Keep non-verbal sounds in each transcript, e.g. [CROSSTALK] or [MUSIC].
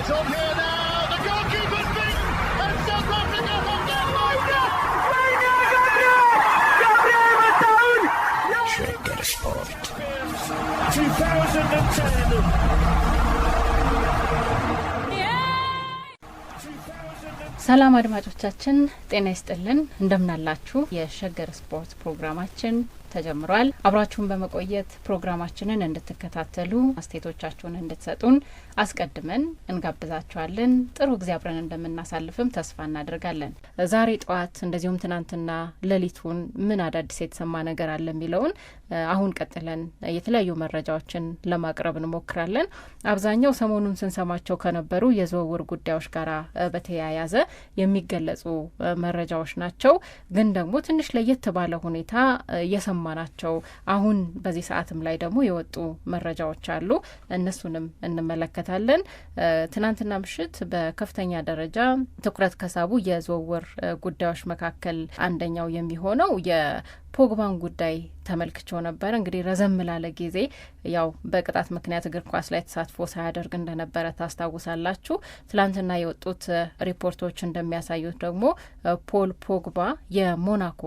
It's on here now. The goalkeeper's beaten. And South Africa have their Trigger Sport 2010 ሰላም አድማጮቻችን ጤና ይስጥልን እንደምናላችሁ የሸገር ስፖርት ፕሮግራማችን ተጀምሯል። አብራችሁን በመቆየት ፕሮግራማችንን እንድትከታተሉ አስተያየቶቻችሁን እንድትሰጡን አስቀድመን እንጋብዛችኋለን። ጥሩ ጊዜ አብረን እንደምናሳልፍም ተስፋ እናደርጋለን። ዛሬ ጠዋት እንደዚሁም ትናንትና ሌሊቱን ምን አዳዲስ የተሰማ ነገር አለ የሚለውን አሁን ቀጥለን የተለያዩ መረጃዎችን ለማቅረብ እንሞክራለን። አብዛኛው ሰሞኑን ስንሰማቸው ከነበሩ የዝውውር ጉዳዮች ጋር በተያያዘ የሚገለጹ መረጃዎች ናቸው። ግን ደግሞ ትንሽ ለየት ባለ ሁኔታ የሰማ ናቸው። አሁን በዚህ ሰዓትም ላይ ደግሞ የወጡ መረጃዎች አሉ። እነሱንም እንመለከታለን። ትናንትና ምሽት በከፍተኛ ደረጃ ትኩረት ከሳቡ የዝውውር ጉዳዮች መካከል አንደኛው የሚሆነው ፖግባን ጉዳይ ተመልክቾ ነበር። እንግዲህ ረዘም ላለ ጊዜ ያው በቅጣት ምክንያት እግር ኳስ ላይ ተሳትፎ ሳያደርግ እንደነበረ ታስታውሳላችሁ። ትላንትና የወጡት ሪፖርቶች እንደሚያሳዩት ደግሞ ፖል ፖግባ የሞናኮ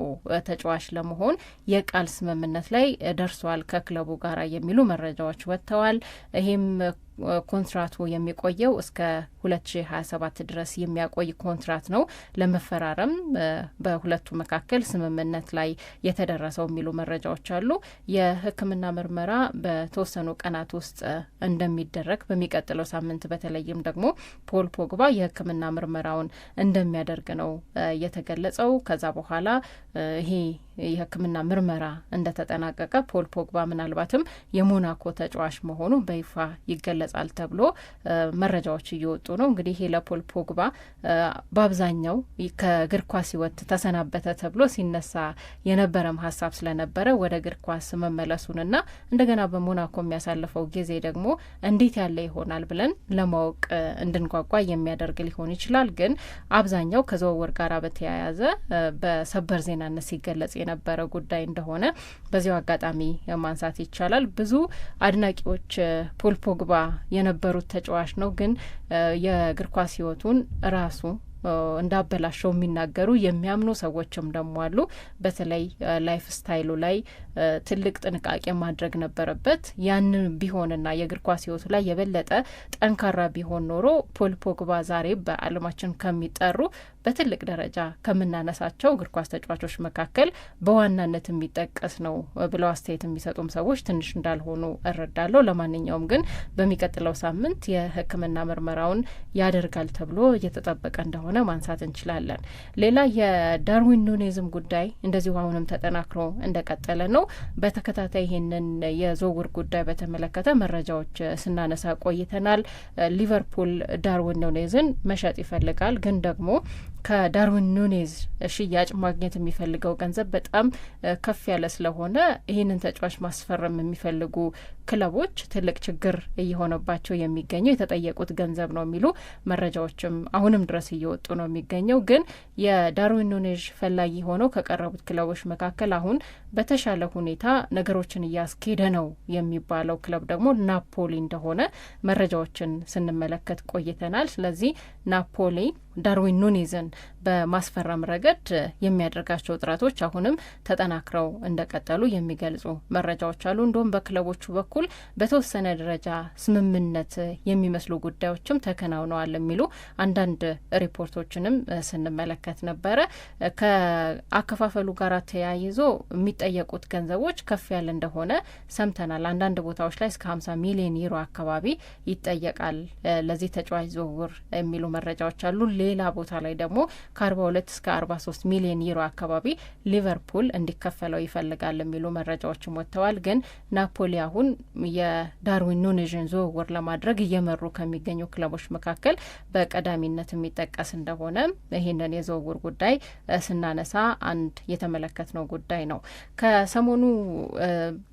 ተጫዋች ለመሆን የቃል ስምምነት ላይ ደርሷል ከክለቡ ጋር የሚሉ መረጃዎች ወጥተዋል። ይህም ኮንትራቱ የሚቆየው እስከ 2027 ድረስ የሚያቆይ ኮንትራት ነው። ለመፈራረም በሁለቱ መካከል ስምምነት ላይ የተደረሰው የሚሉ መረጃዎች አሉ። የሕክምና ምርመራ በተወሰኑ ቀናት ውስጥ እንደሚደረግ በሚቀጥለው ሳምንት በተለይም ደግሞ ፖል ፖግባ የሕክምና ምርመራውን እንደሚያደርግ ነው የተገለጸው። ከዛ በኋላ ይሄ የሕክምና ምርመራ እንደተጠናቀቀ ፖል ፖግባ ምናልባትም የሞናኮ ተጫዋች መሆኑ በይፋ ይገለጻል ተብሎ መረጃዎች እየወጡ ነው። እንግዲህ ይሄ ለፖል ፖግባ በአብዛኛው ከእግር ኳስ ሕይወት ተሰናበተ ተብሎ ሲነሳ የነበረም ሀሳብ ስለነበረ ወደ እግር ኳስ መመለሱንና እንደገና በሞናኮ የሚያሳልፈው ጊዜ ደግሞ እንዴት ያለ ይሆናል ብለን ለማወቅ እንድንጓጓ የሚያደርግ ሊሆን ይችላል። ግን አብዛኛው ከዝውውር ጋር በተያያዘ በሰበር ዜናነት ሲገለጽ የነበረ ጉዳይ እንደሆነ በዚሁ አጋጣሚ ማንሳት ይቻላል። ብዙ አድናቂዎች ፖል ፖግባ የነበሩት ተጫዋች ነው፣ ግን የእግር ኳስ ህይወቱን ራሱ እንዳበላሸው የሚናገሩ የሚያምኑ ሰዎችም ደግሞ አሉ። በተለይ ላይፍ ስታይሉ ላይ ትልቅ ጥንቃቄ ማድረግ ነበረበት። ያንን ቢሆንና የእግር ኳስ ህይወቱ ላይ የበለጠ ጠንካራ ቢሆን ኖሮ ፖል ፖግባ ዛሬ በዓለማችን ከሚጠሩ በትልቅ ደረጃ ከምናነሳቸው እግር ኳስ ተጫዋቾች መካከል በዋናነት የሚጠቀስ ነው ብለው አስተያየት የሚሰጡም ሰዎች ትንሽ እንዳልሆኑ እረዳለሁ። ለማንኛውም ግን በሚቀጥለው ሳምንት የሕክምና ምርመራውን ያደርጋል ተብሎ እየተጠበቀ እንደሆነ ማንሳት እንችላለን። ሌላ የዳርዊን ኑኔዝም ጉዳይ እንደዚሁ አሁንም ተጠናክሮ እንደቀጠለ ነው። በተከታታይ ይህንን የዝውውር ጉዳይ በተመለከተ መረጃዎች ስናነሳ ቆይተናል። ሊቨርፑል ዳርዊን ኑኔዝን መሸጥ ይፈልጋል ግን ደግሞ ከዳርዊን ኑኔዝ ሽያጭ ማግኘት የሚፈልገው ገንዘብ በጣም ከፍ ያለ ስለሆነ ይህንን ተጫዋች ማስፈረም የሚፈልጉ ክለቦች ትልቅ ችግር እየሆነባቸው የሚገኘው የተጠየቁት ገንዘብ ነው የሚሉ መረጃዎችም አሁንም ድረስ እየወጡ ነው የሚገኘው። ግን የዳርዊን ኑኔዝ ፈላጊ ሆነው ከቀረቡት ክለቦች መካከል አሁን በተሻለ ሁኔታ ነገሮችን እያስኬደ ነው የሚባለው ክለብ ደግሞ ናፖሊ እንደሆነ መረጃዎችን ስንመለከት ቆይተናል። ስለዚህ ናፖሊ ዳርዊን ኑኔዝን በማስፈረም ረገድ የሚያደርጋቸው ጥረቶች አሁንም ተጠናክረው እንደቀጠሉ የሚገልጹ መረጃዎች አሉ። እንዲሁም በክለቦቹ በኩል በተወሰነ ደረጃ ስምምነት የሚመስሉ ጉዳዮችም ተከናውነዋል የሚሉ አንዳንድ ሪፖርቶችንም ስንመለከት ነበረ። ከአከፋፈሉ ጋር ተያይዞ የሚጠየቁት ገንዘቦች ከፍ ያለ እንደሆነ ሰምተናል። አንዳንድ ቦታዎች ላይ እስከ ሀምሳ ሚሊዮን ዩሮ አካባቢ ይጠየቃል ለዚህ ተጫዋች ዝውውር የሚሉ መረጃዎች አሉ። ሌላ ቦታ ላይ ደግሞ ከአርባ ሁለት እስከ አርባ ሶስት ሚሊዮን ዩሮ አካባቢ ሊቨርፑል እንዲከፈለው ይፈልጋል የሚሉ መረጃዎችም ወጥተዋል። ግን ናፖሊ አሁን የዳርዊን ኑኔዥን ዝውውር ለማድረግ እየመሩ ከሚገኙ ክለቦች መካከል በቀዳሚነት የሚጠቀስ እንደሆነ ይህንን የዝውውር ጉዳይ ስናነሳ አንድ የተመለከትነው ጉዳይ ነው። ከሰሞኑ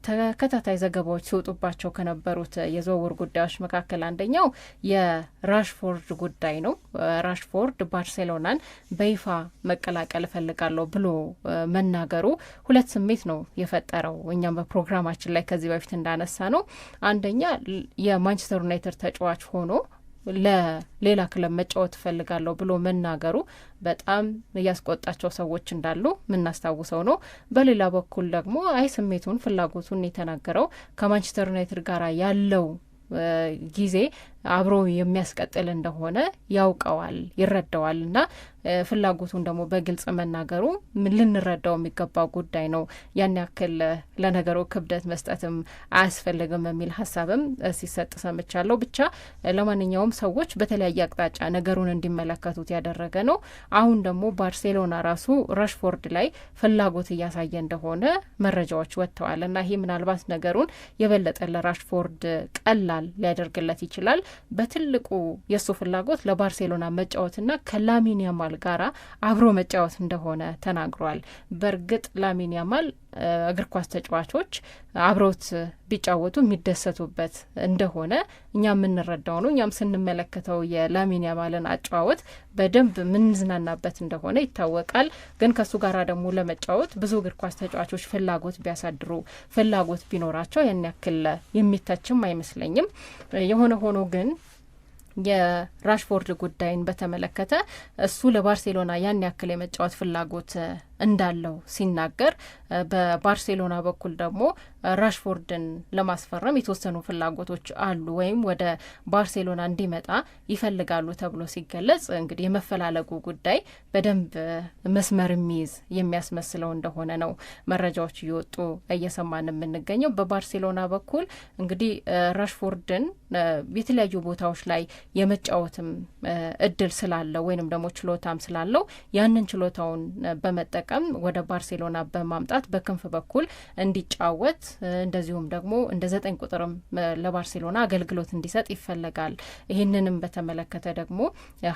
ተከታታይ ዘገባዎች ሲወጡባቸው ከነበሩት የዝውውር ጉዳዮች መካከል አንደኛው የራሽፎርድ ጉዳይ ነው። ራሽፎርድ ባርሴሎናን በይፋ መቀላቀል እፈልጋለሁ ብሎ መናገሩ ሁለት ስሜት ነው የፈጠረው። እኛም በፕሮግራማችን ላይ ከዚህ በፊት እንዳነሳ ነው አንደኛ የማንቸስተር ዩናይትድ ተጫዋች ሆኖ ለሌላ ክለብ መጫወት እፈልጋለሁ ብሎ መናገሩ በጣም እያስቆጣቸው ሰዎች እንዳሉ የምናስታውሰው ነው። በሌላ በኩል ደግሞ አይ ስሜቱን ፍላጎቱን የተናገረው ከማንቸስተር ዩናይትድ ጋር ያለው ጊዜ አብሮ የሚያስቀጥል እንደሆነ ያውቀዋል፣ ይረዳዋል እና ፍላጎቱን ደግሞ በግልጽ መናገሩ ልንረዳው የሚገባ ጉዳይ ነው። ያን ያክል ለነገሩ ክብደት መስጠትም አያስፈልግም የሚል ሀሳብም ሲሰጥ ሰምቻለሁ። ብቻ ለማንኛውም ሰዎች በተለያየ አቅጣጫ ነገሩን እንዲመለከቱት ያደረገ ነው። አሁን ደግሞ ባርሴሎና ራሱ ረሽፎርድ ላይ ፍላጎት እያሳየ እንደሆነ መረጃዎች ወጥተዋል እና ይሄ ምናልባት ነገሩን የበለጠ ለራሽፎርድ ቀላል ሊያደርግለት ይችላል። በትልቁ የእሱ ፍላጎት ለባርሴሎና መጫወትና ከላሚን ያማል ጋራ አብሮ መጫወት እንደሆነ ተናግሯል። በእርግጥ ላሚን ያማል እግር ኳስ ተጫዋቾች አብረውት ቢጫወቱ የሚደሰቱበት እንደሆነ እኛ የምንረዳው ነው። እኛም ስንመለከተው የላሚን ያማልን አጨዋወት በደንብ የምንዝናናበት እንደሆነ ይታወቃል። ግን ከሱ ጋር ደግሞ ለመጫወት ብዙ እግር ኳስ ተጫዋቾች ፍላጎት ቢያሳድሩ ፍላጎት ቢኖራቸው ያን ያክል የሚተችም አይመስለኝም። የሆነ ሆኖ ግን የራሽፎርድ ጉዳይን በተመለከተ እሱ ለባርሴሎና ያን ያክል የመጫወት ፍላጎት እንዳለው ሲናገር፣ በባርሴሎና በኩል ደግሞ ራሽፎርድን ለማስፈረም የተወሰኑ ፍላጎቶች አሉ ወይም ወደ ባርሴሎና እንዲመጣ ይፈልጋሉ ተብሎ ሲገለጽ እንግዲህ የመፈላለጉ ጉዳይ በደንብ መስመር የሚይዝ የሚያስመስለው እንደሆነ ነው መረጃዎች እየወጡ እየሰማን የምንገኘው። በባርሴሎና በኩል እንግዲህ ራሽፎርድን የተለያዩ ቦታዎች ላይ የመጫወትም እድል ስላለው ወይንም ደግሞ ችሎታም ስላለው ያንን ችሎታውን በመጠቀም በመጠቀም ወደ ባርሴሎና በማምጣት በክንፍ በኩል እንዲጫወት እንደዚሁም ደግሞ እንደ ዘጠኝ ቁጥርም ለባርሴሎና አገልግሎት እንዲሰጥ ይፈለጋል። ይህንንም በተመለከተ ደግሞ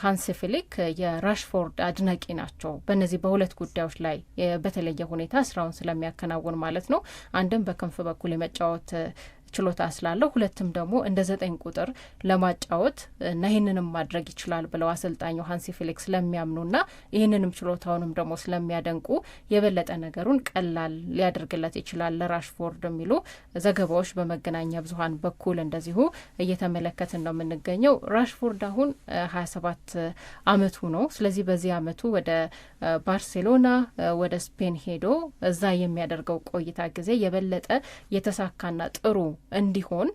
ሀንስ ፍሊክ የራሽፎርድ አድናቂ ናቸው። በእነዚህ በሁለት ጉዳዮች ላይ በተለየ ሁኔታ ስራውን ስለሚያከናውን ማለት ነው። አንድም በክንፍ በኩል የመጫወት ችሎታ ስላለው ሁለትም ደግሞ እንደ ዘጠኝ ቁጥር ለማጫወት እና ይህንንም ማድረግ ይችላል ብለው አሰልጣኙ ሀንሲ ስለሚያምኑ ስለሚያምኑና ይህንንም ችሎታውንም ደግሞ ስለሚያደንቁ የበለጠ ነገሩን ቀላል ሊያደርግለት ይችላል ለራሽፎርድ የሚሉ ዘገባዎች በመገናኛ ብዙኃን በኩል እንደዚሁ እየተመለከትን ነው የምንገኘው። ራሽፎርድ አሁን ሀያ ሰባት አመቱ ነው። ስለዚህ በዚህ አመቱ ወደ ባርሴሎና ወደ ስፔን ሄዶ እዛ የሚያደርገው ቆይታ ጊዜ የበለጠ የተሳካና ጥሩ እንዲሆን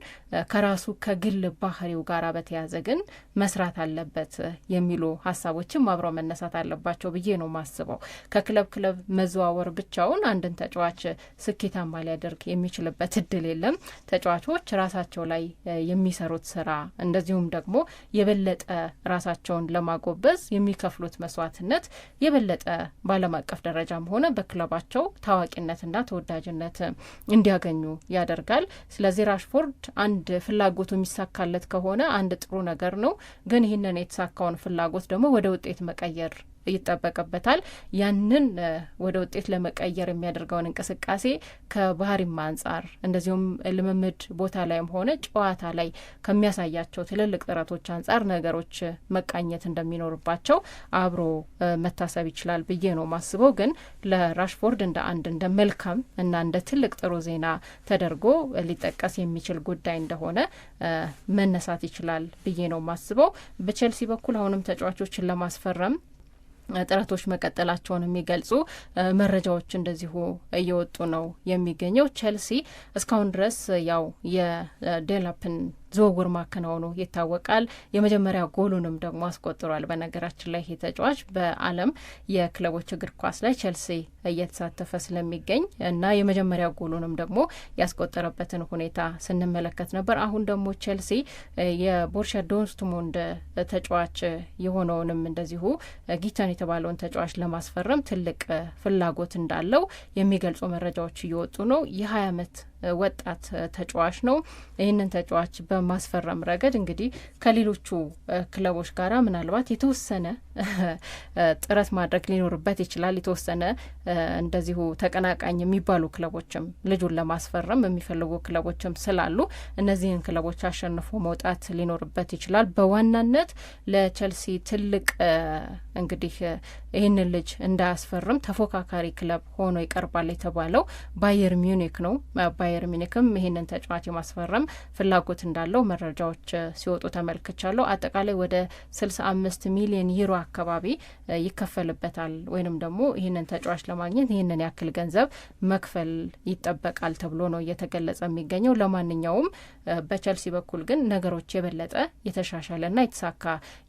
ከራሱ ከግል ባህሪው ጋር በተያዘ ግን መስራት አለበት የሚሉ ሀሳቦችም አብረው መነሳት አለባቸው ብዬ ነው ማስበው። ከክለብ ክለብ መዘዋወር ብቻውን አንድን ተጫዋች ስኬታማ ሊያደርግ የሚችልበት እድል የለም። ተጫዋቾች ራሳቸው ላይ የሚሰሩት ስራ እንደዚሁም ደግሞ የበለጠ ራሳቸውን ለማጎበዝ የሚከፍሉት መስዋዕትነት የበለጠ በአለም አቀፍ ደረጃም ሆነ በክለባቸው ታዋቂነትና ተወዳጅነት እንዲያገኙ ያደርጋል። ስለዚህ ራሽፎርድ አንድ ፍላጎቱ የሚሳካለት ከሆነ አንድ ጥሩ ነገር ነው። ግን ይህንን የተሳካውን ፍላጎት ደግሞ ወደ ውጤት መቀየር ይጠበቅበታል። ያንን ወደ ውጤት ለመቀየር የሚያደርገውን እንቅስቃሴ ከባህሪም አንጻር እንደዚሁም ልምምድ ቦታ ላይም ሆነ ጨዋታ ላይ ከሚያሳያቸው ትልልቅ ጥረቶች አንጻር ነገሮች መቃኘት እንደሚኖርባቸው አብሮ መታሰብ ይችላል ብዬ ነው ማስበው። ግን ለራሽፎርድ እንደ አንድ እንደ መልካም እና እንደ ትልቅ ጥሩ ዜና ተደርጎ ሊጠቀስ የሚችል ጉዳይ እንደሆነ መነሳት ይችላል ብዬ ነው ማስበው። በቼልሲ በኩል አሁንም ተጫዋቾችን ለማስፈረም ጥረቶች መቀጠላቸውን የሚገልጹ መረጃዎች እንደዚሁ እየወጡ ነው የሚገኘው። ቼልሲ እስካሁን ድረስ ያው የዴላፕን ዝውውር ማከናወኑ ይታወቃል። የመጀመሪያ ጎሉንም ደግሞ አስቆጥሯል። በነገራችን ላይ ይሄ ተጫዋች በዓለም የክለቦች እግር ኳስ ላይ ቼልሲ እየተሳተፈ ስለሚገኝ እና የመጀመሪያ ጎሉንም ደግሞ ያስቆጠረበትን ሁኔታ ስንመለከት ነበር። አሁን ደግሞ ቼልሲ የቦርሻ ዶርትሙንድ ተጫዋች የሆነውንም እንደዚሁ ጊተን የተባለውን ተጫዋች ለማስፈረም ትልቅ ፍላጎት እንዳለው የሚገልጹ መረጃዎች እየወጡ ነው። የሀያ አመት ወጣት ተጫዋች ነው። ይህንን ተጫዋች በማስፈረም ረገድ እንግዲህ ከሌሎቹ ክለቦች ጋር ምናልባት የተወሰነ [LAUGHS] ጥረት ማድረግ ሊኖርበት ይችላል። የተወሰነ እንደዚሁ ተቀናቃኝ የሚባሉ ክለቦችም ልጁን ለማስፈረም የሚፈልጉ ክለቦችም ስላሉ እነዚህን ክለቦች አሸንፎ መውጣት ሊኖርበት ይችላል። በዋናነት ለቸልሲ ትልቅ እንግዲህ ይህንን ልጅ እንዳያስፈርም ተፎካካሪ ክለብ ሆኖ ይቀርባል የተባለው ባየር ሚዩኒክ ነው። ባየር ሚኒክም ይህንን ተጫዋች የማስፈረም ፍላጎት እንዳለው መረጃዎች ሲወጡ ተመልክቻለሁ። አጠቃላይ ወደ ስልሳ አምስት ሚሊዮን ዩሮ አካባቢ ይከፈልበታል ወይንም ደግሞ ይህንን ተጫዋች ለማግኘት ይህንን ያክል ገንዘብ መክፈል ይጠበቃል ተብሎ ነው እየተገለጸ የሚገኘው። ለማንኛውም በቸልሲ በኩል ግን ነገሮች የበለጠ የተሻሻለና የተሳካ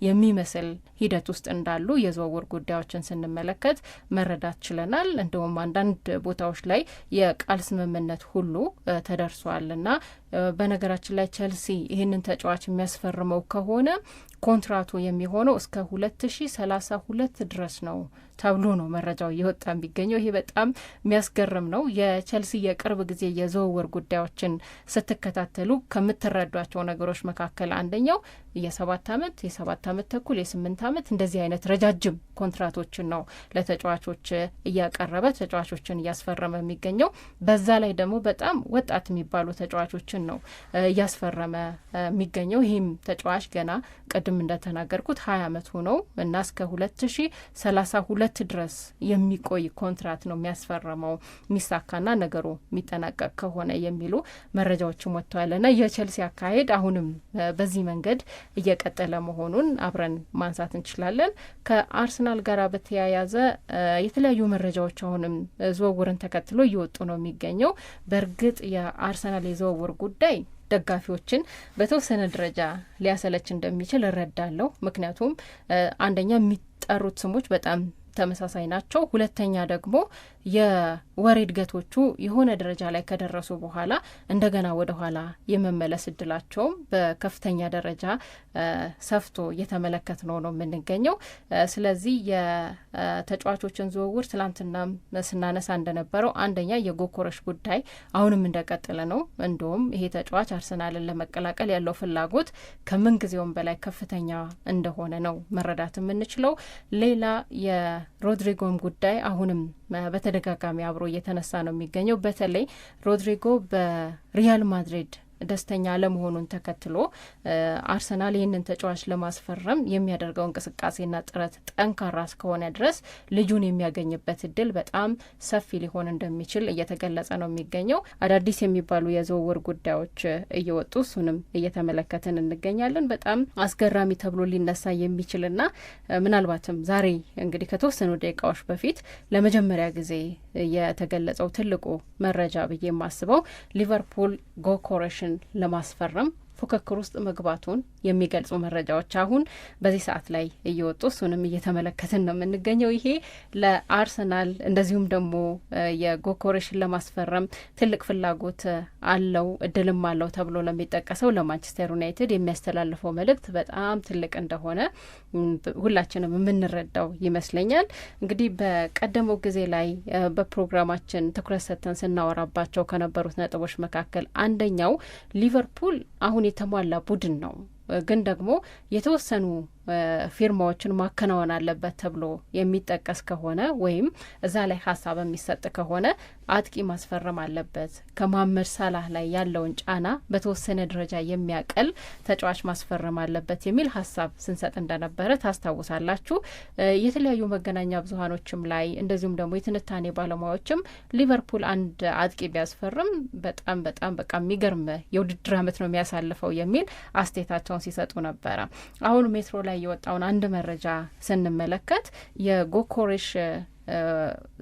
የሚመስል ሂደት ውስጥ እንዳሉ የዝውውር ጉዳዮችን ስንመለከት መረዳት ችለናል። እንደውም አንዳንድ ቦታዎች ላይ የቃል ስምምነት ሁሉ ተደርሷል እና በነገራችን ላይ ቸልሲ ይህንን ተጫዋች የሚያስፈርመው ከሆነ ኮንትራቱ የሚሆነው እስከ ሁለት ሺ ሰላሳ ሁለት ድረስ ነው ተብሎ ነው መረጃው እየወጣ የሚገኘው። ይሄ በጣም የሚያስገርም ነው። የቸልሲ የቅርብ ጊዜ የዝውውር ጉዳዮችን ስትከታተሉ ከምትረዷቸው ነገሮች መካከል አንደኛው የሰባት አመት የሰባት አመት ተኩል የስምንት አመት እንደዚህ አይነት ረጃጅም ኮንትራቶችን ነው ለተጫዋቾች እያቀረበ ተጫዋቾችን እያስፈረመ የሚገኘው። በዛ ላይ ደግሞ በጣም ወጣት የሚባሉ ተጫዋቾችን ተጫዋቾችን ነው እያስፈረመ የሚገኘው። ይህም ተጫዋች ገና ቅድም እንደተናገርኩት ሀያ አመት ሆነው እና እስከ ሁለት ሺ ሰላሳ ሁለት ድረስ የሚቆይ ኮንትራት ነው የሚያስፈረመው የሚሳካና ነገሩ የሚጠናቀቅ ከሆነ የሚሉ መረጃዎችም ወጥተዋል እና የቼልሲ አካሄድ አሁንም በዚህ መንገድ እየቀጠለ መሆኑን አብረን ማንሳት እንችላለን። ከአርሰናል ጋር በተያያዘ የተለያዩ መረጃዎች አሁንም ዝውውርን ተከትሎ እየወጡ ነው የሚገኘው። በእርግጥ የአርሰናል የዝውውር ጉዳይ ደጋፊዎችን በተወሰነ ደረጃ ሊያሰለች እንደሚችል እረዳለሁ። ምክንያቱም አንደኛ የሚጠሩት ስሞች በጣም ተመሳሳይ ናቸው። ሁለተኛ ደግሞ የወሬ እድገቶቹ የሆነ ደረጃ ላይ ከደረሱ በኋላ እንደገና ወደ ኋላ የመመለስ እድላቸውም በከፍተኛ ደረጃ ሰፍቶ እየተመለከት ነው ነው የምንገኘው። ስለዚህ የተጫዋቾችን ዝውውር ትላንትና ስናነሳ እንደነበረው አንደኛ የጎኮረሽ ጉዳይ አሁንም እንደቀጠለ ነው። እንዲሁም ይሄ ተጫዋች አርሰናልን ለመቀላቀል ያለው ፍላጎት ከምንጊዜውም በላይ ከፍተኛ እንደሆነ ነው መረዳት የምንችለው። ሌላ የሮድሪጎም ጉዳይ አሁንም በተደጋጋሚ አብሮ እየተነሳ ነው የሚገኘው። በተለይ ሮድሪጎ በሪያል ማድሪድ ደስተኛ አለመሆኑን ተከትሎ አርሰናል ይህንን ተጫዋች ለማስፈረም የሚያደርገው እንቅስቃሴና ጥረት ጠንካራ እስከሆነ ድረስ ልጁን የሚያገኝበት እድል በጣም ሰፊ ሊሆን እንደሚችል እየተገለጸ ነው የሚገኘው። አዳዲስ የሚባሉ የዝውውር ጉዳዮች እየወጡ እሱንም እየተመለከትን እንገኛለን። በጣም አስገራሚ ተብሎ ሊነሳ የሚችልና ምናልባትም ዛሬ እንግዲህ ከተወሰኑ ደቂቃዎች በፊት ለመጀመሪያ ጊዜ የተገለጸው ትልቁ መረጃ ብዬ የማስበው ሊቨርፑል ጎኮረሽን ለማስፈረም ፉክክር ውስጥ መግባቱን የሚገልጹ መረጃዎች አሁን በዚህ ሰዓት ላይ እየወጡ እሱንም እየተመለከትን ነው የምንገኘው። ይሄ ለአርሰናል እንደዚሁም ደግሞ የጎኮሬሽን ለማስፈረም ትልቅ ፍላጎት አለው እድልም አለው ተብሎ ለሚጠቀሰው ለማንቸስተር ዩናይትድ የሚያስተላልፈው መልእክት በጣም ትልቅ እንደሆነ ሁላችንም የምንረዳው ይመስለኛል። እንግዲህ በቀደመው ጊዜ ላይ በፕሮግራማችን ትኩረት ሰጥተን ስናወራባቸው ከነበሩት ነጥቦች መካከል አንደኛው ሊቨርፑል አሁን የተሟላ ቡድን ነው። ግን ደግሞ የተወሰኑ ፊርማዎችን ማከናወን አለበት ተብሎ የሚጠቀስ ከሆነ ወይም እዛ ላይ ሀሳብ የሚሰጥ ከሆነ አጥቂ ማስፈረም አለበት። ከማመድ ሳላህ ላይ ያለውን ጫና በተወሰነ ደረጃ የሚያቀል ተጫዋች ማስፈረም አለበት የሚል ሀሳብ ስንሰጥ እንደነበረ ታስታውሳላችሁ። የተለያዩ መገናኛ ብዙሀኖችም ላይ እንደዚሁም ደግሞ የትንታኔ ባለሙያዎችም ሊቨርፑል አንድ አጥቂ ቢያስፈርም በጣም በጣም በቃ የሚገርም የውድድር ዓመት ነው የሚያሳልፈው የሚል አስተያየታቸውን ሲሰጡ ነበረ። አሁን ሜትሮ ላይ የወጣውን አንድ መረጃ ስንመለከት የጎኮሬሽ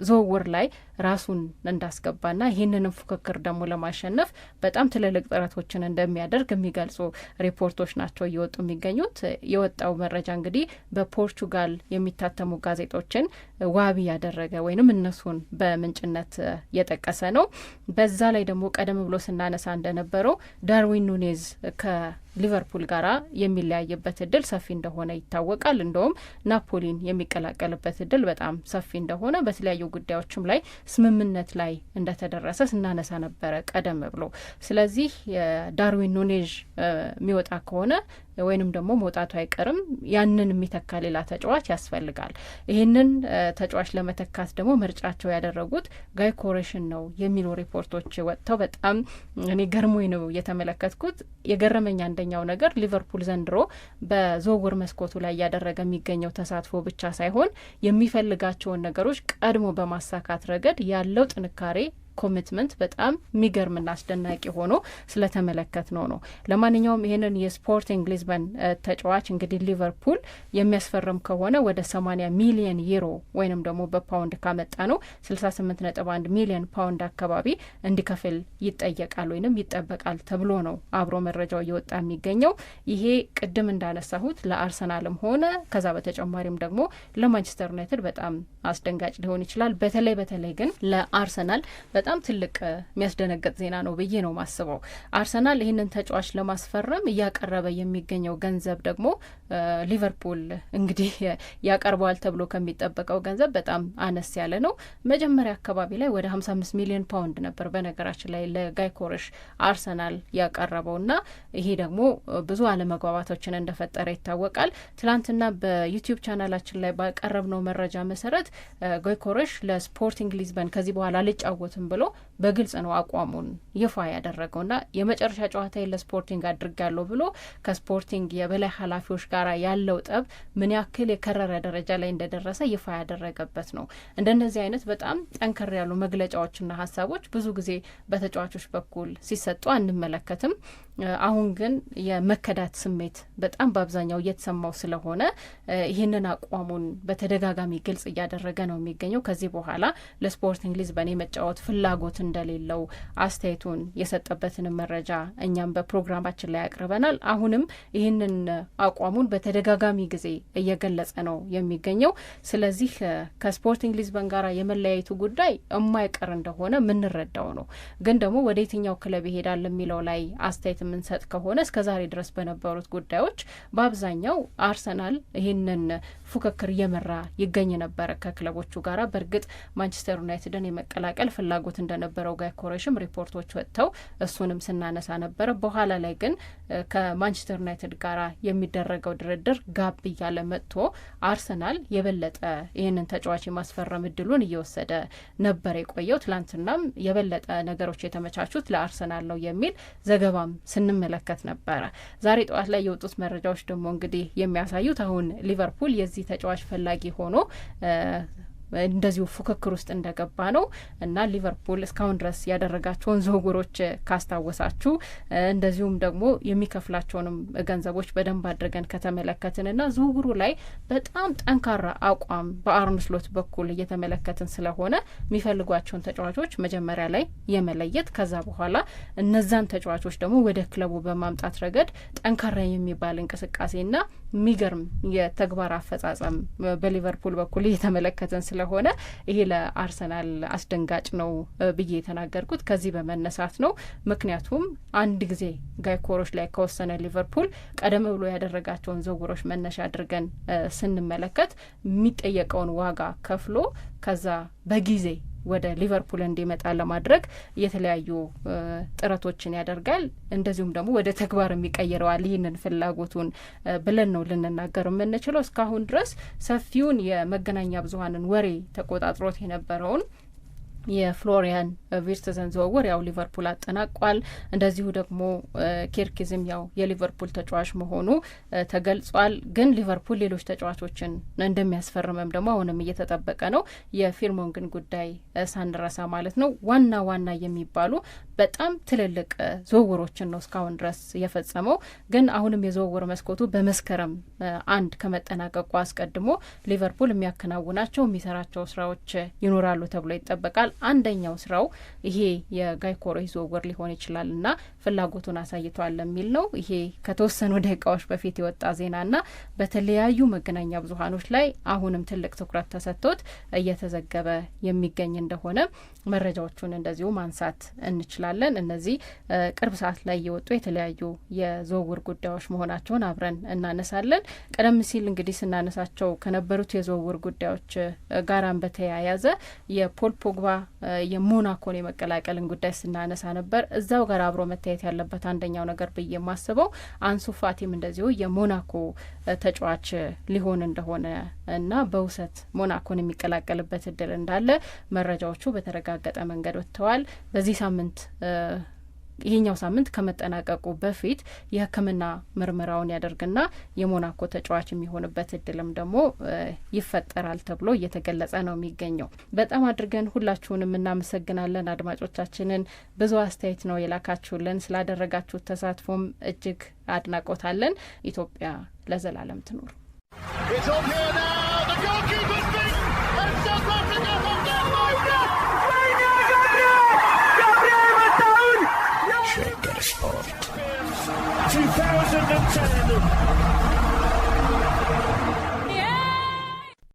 ዝውውር ላይ ራሱን እንዳስገባና ይህንንም ፉክክር ደግሞ ለማሸነፍ በጣም ትልልቅ ጥረቶችን እንደሚያደርግ የሚገልጹ ሪፖርቶች ናቸው እየወጡ የሚገኙት። የወጣው መረጃ እንግዲህ በፖርቹጋል የሚታተሙ ጋዜጦችን ዋቢ ያደረገ ወይንም እነሱን በምንጭነት የጠቀሰ ነው። በዛ ላይ ደግሞ ቀደም ብሎ ስናነሳ እንደነበረው ዳርዊን ኑኔዝ ከ ሊቨርፑል ጋራ የሚለያይበት እድል ሰፊ እንደሆነ ይታወቃል። እንደውም ናፖሊን የሚቀላቀልበት እድል በጣም ሰፊ እንደሆነ በተለያዩ ጉዳዮችም ላይ ስምምነት ላይ እንደተደረሰ ስናነሳ ነበረ ቀደም ብሎ። ስለዚህ የዳርዊን ኑኔዥ የሚወጣ ከሆነ ወይንም ደግሞ መውጣቱ አይቀርም። ያንን የሚተካ ሌላ ተጫዋች ያስፈልጋል። ይህንን ተጫዋች ለመተካት ደግሞ ምርጫቸው ያደረጉት ጋይ ኮሬሽን ነው የሚሉ ሪፖርቶች ወጥተው በጣም እኔ ገርሞኝ ነው የተመለከትኩት። የገረመኝ አንደኛው ነገር ሊቨርፑል ዘንድሮ በዝውውር መስኮቱ ላይ እያደረገ የሚገኘው ተሳትፎ ብቻ ሳይሆን የሚፈልጋቸውን ነገሮች ቀድሞ በማሳካት ረገድ ያለው ጥንካሬ ኮሚትመንት በጣም የሚገርምና አስደናቂ ሆኖ ስለተመለከት ነው ነው። ለማንኛውም ይህንን የስፖርቲንግ ሊዝበን ተጫዋች እንግዲህ ሊቨርፑል የሚያስፈርም ከሆነ ወደ ሰማኒያ ሚሊየን ዩሮ ወይንም ደግሞ በፓውንድ ካመጣ ነው አንድ ሚሊዮን ፓውንድ አካባቢ እንዲከፍል ይጠየቃል ወይንም ይጠበቃል ተብሎ ነው አብሮ መረጃው እየወጣ የሚገኘው። ይሄ ቅድም እንዳነሳሁት ለአርሰናልም ሆነ ከዛ በተጨማሪም ደግሞ ለማንቸስተር ዩናይትድ በጣም አስደንጋጭ ሊሆን ይችላል። በተለይ በተለይ ግን ለአርሰናል በጣም ትልቅ የሚያስደነገጥ ዜና ነው ብዬ ነው ማስበው። አርሰናል ይህንን ተጫዋች ለማስፈረም እያቀረበ የሚገኘው ገንዘብ ደግሞ ሊቨርፑል እንግዲህ ያቀርበዋል ተብሎ ከሚጠበቀው ገንዘብ በጣም አነስ ያለ ነው። መጀመሪያ አካባቢ ላይ ወደ 55 ሚሊዮን ፓውንድ ነበር በነገራችን ላይ ለጋይ ኮርሽ አርሰናል ያቀረበውና ይሄ ደግሞ ብዙ አለመግባባቶችን እንደፈጠረ ይታወቃል። ትላንትና በዩቲዩብ ቻናላችን ላይ ባቀረብነው መረጃ መሰረት ጋይ ኮርሽ ለስፖርቲንግ ሊዝበን ከዚህ በኋላ አልጫወትም ብሎ ብሎ በግልጽ ነው አቋሙን ይፋ ያደረገው ና የመጨረሻ ጨዋታዬን ለስፖርቲንግ አድርጋለሁ ብሎ ከስፖርቲንግ የበላይ ኃላፊዎች ጋር ያለው ጠብ ምን ያክል የከረረ ደረጃ ላይ እንደደረሰ ይፋ ያደረገበት ነው። እንደነዚህ አይነት በጣም ጠንከር ያሉ መግለጫዎችና ሀሳቦች ብዙ ጊዜ በተጫዋቾች በኩል ሲሰጡ አንመለከትም። አሁን ግን የመከዳት ስሜት በጣም በአብዛኛው እየተሰማው ስለሆነ ይህንን አቋሙን በተደጋጋሚ ግልጽ እያደረገ ነው የሚገኘው። ከዚህ በኋላ እንግሊዝ በእኔ የመጫወት ፍላጎት እንደሌለው አስተያየቱን የሰጠበትንም መረጃ እኛም በፕሮግራማችን ላይ ያቅርበናል። አሁንም ይህንን አቋሙን በተደጋጋሚ ጊዜ እየገለጸ ነው የሚገኘው። ስለዚህ እንግሊዝ በን ጋር የመለያየቱ ጉዳይ የማይቀር እንደሆነ ምንረዳው ነው። ግን ደግሞ ወደ የትኛው ክለብ ይሄዳል የሚለው ላይ አስተያየት የምንሰጥ ከሆነ እስከ ዛሬ ድረስ በነበሩት ጉዳዮች በአብዛኛው አርሰናል ይህንን ፉክክር እየመራ ይገኝ ነበረ ከክለቦቹ ጋር። በእርግጥ ማንቸስተር ዩናይትድን የመቀላቀል ፍላጎት እንደነበረው ጋይ ኮረሽም ሪፖርቶች ወጥተው እሱንም ስናነሳ ነበረ። በኋላ ላይ ግን ከማንቸስተር ዩናይትድ ጋር የሚደረገው ድርድር ጋብ እያለ መጥቶ አርሰናል የበለጠ ይህንን ተጫዋች የማስፈረም እድሉን እየወሰደ ነበር የቆየው። ትላንትናም የበለጠ ነገሮች የተመቻቹት ለአርሰናል ነው የሚል ዘገባም ስንመለከት ነበረ። ዛሬ ጠዋት ላይ የወጡት መረጃዎች ደግሞ እንግዲህ የሚያሳዩት አሁን ሊቨርፑል የዚህ ተጫዋች ፈላጊ ሆኖ እንደዚሁ ፉክክር ውስጥ እንደገባ ነው እና ሊቨርፑል እስካሁን ድረስ ያደረጋቸውን ዝውውሮች ካስታወሳችሁ እንደዚሁም ደግሞ የሚከፍላቸውንም ገንዘቦች በደንብ አድርገን ከተመለከትን እና ዝውውሩ ላይ በጣም ጠንካራ አቋም በአርነ ስሎት በኩል እየተመለከትን ስለሆነ የሚፈልጓቸውን ተጫዋቾች መጀመሪያ ላይ የመለየት ከዛ በኋላ እነዛን ተጫዋቾች ደግሞ ወደ ክለቡ በማምጣት ረገድ ጠንካራ የሚባል እንቅስቃሴና የሚገርም የተግባር አፈጻጸም በሊቨርፑል በኩል እየተመለከትን ስለሆነ ይሄ ለአርሰናል አስደንጋጭ ነው ብዬ የተናገርኩት ከዚህ በመነሳት ነው። ምክንያቱም አንድ ጊዜ ጋይኮሮች ላይ ከወሰነ ሊቨርፑል ቀደም ብሎ ያደረጋቸውን ዝውውሮች መነሻ አድርገን ስንመለከት የሚጠየቀውን ዋጋ ከፍሎ ከዛ በጊዜ ወደ ሊቨርፑል እንዲመጣ ለማድረግ የተለያዩ ጥረቶችን ያደርጋል። እንደዚሁም ደግሞ ወደ ተግባር የሚቀይረዋል ይህንን ፍላጎቱን ብለን ነው ልንናገር የምንችለው። እስካሁን ድረስ ሰፊውን የመገናኛ ብዙኃንን ወሬ ተቆጣጥሮት የነበረውን የፍሎሪያን ቪርትዝን ዝውውር ያው ሊቨርፑል አጠናቋል። እንደዚሁ ደግሞ ኬርኪዝም ያው የሊቨርፑል ተጫዋች መሆኑ ተገልጿል። ግን ሊቨርፑል ሌሎች ተጫዋቾችን እንደሚያስፈርምም ደግሞ አሁንም እየተጠበቀ ነው። ግን ጉዳይ ሳንረሳ ማለት ነው። ዋና ዋና የሚባሉ በጣም ትልልቅ ዝውውሮችን ነው እስካሁን ድረስ የፈጸመው። ግን አሁንም የዝውውር መስኮቱ በመስከረም አንድ ከመጠናቀቁ አስቀድሞ ሊቨርፑል የሚያከናውናቸው የሚሰራቸው ስራዎች ይኖራሉ ተብሎ ይጠበቃል። አንደኛው ስራው ይሄ የጋይኮሮ ዝውውር ሊሆን ይችላል ና ፍላጎቱን አሳይቷል የሚል ነው። ይሄ ከተወሰኑ ደቂቃዎች በፊት የወጣ ዜና ና በተለያዩ መገናኛ ብዙሀኖች ላይ አሁንም ትልቅ ትኩረት ተሰጥቶት እየተዘገበ የሚገኝ እንደሆነ መረጃዎቹን እንደዚሁ ማንሳት እንችላለን። እነዚህ ቅርብ ሰዓት ላይ የወጡ የተለያዩ የዝውውር ጉዳዮች መሆናቸውን አብረን እናነሳለን። ቀደም ሲል እንግዲህ ስናነሳቸው ከነበሩት የዝውውር ጉዳዮች ጋራን በተያያዘ የፖል ፖግባ የሞናኮን የመቀላቀልን ጉዳይ ስናነሳ ነበር። እዛው ጋር አብሮ መታየት ያለበት አንደኛው ነገር ብዬ የማስበው አንሱ ፋቲም እንደዚሁ የሞናኮ ተጫዋች ሊሆን እንደሆነ እና በውሰት ሞናኮን የሚቀላቀልበት እድል እንዳለ መረጃዎቹ በተረጋገጠ መንገድ ወጥተዋል። በዚህ ሳምንት ይሄኛው ሳምንት ከመጠናቀቁ በፊት የሕክምና ምርመራውን ያደርግና የሞናኮ ተጫዋች የሚሆንበት እድልም ደግሞ ይፈጠራል ተብሎ እየተገለጸ ነው የሚገኘው። በጣም አድርገን ሁላችሁንም እናመሰግናለን። አድማጮቻችንን ብዙ አስተያየት ነው የላካችሁልን። ስላደረጋችሁት ተሳትፎም እጅግ አድናቆታለን። ኢትዮጵያ ለዘላለም ትኑር። 2010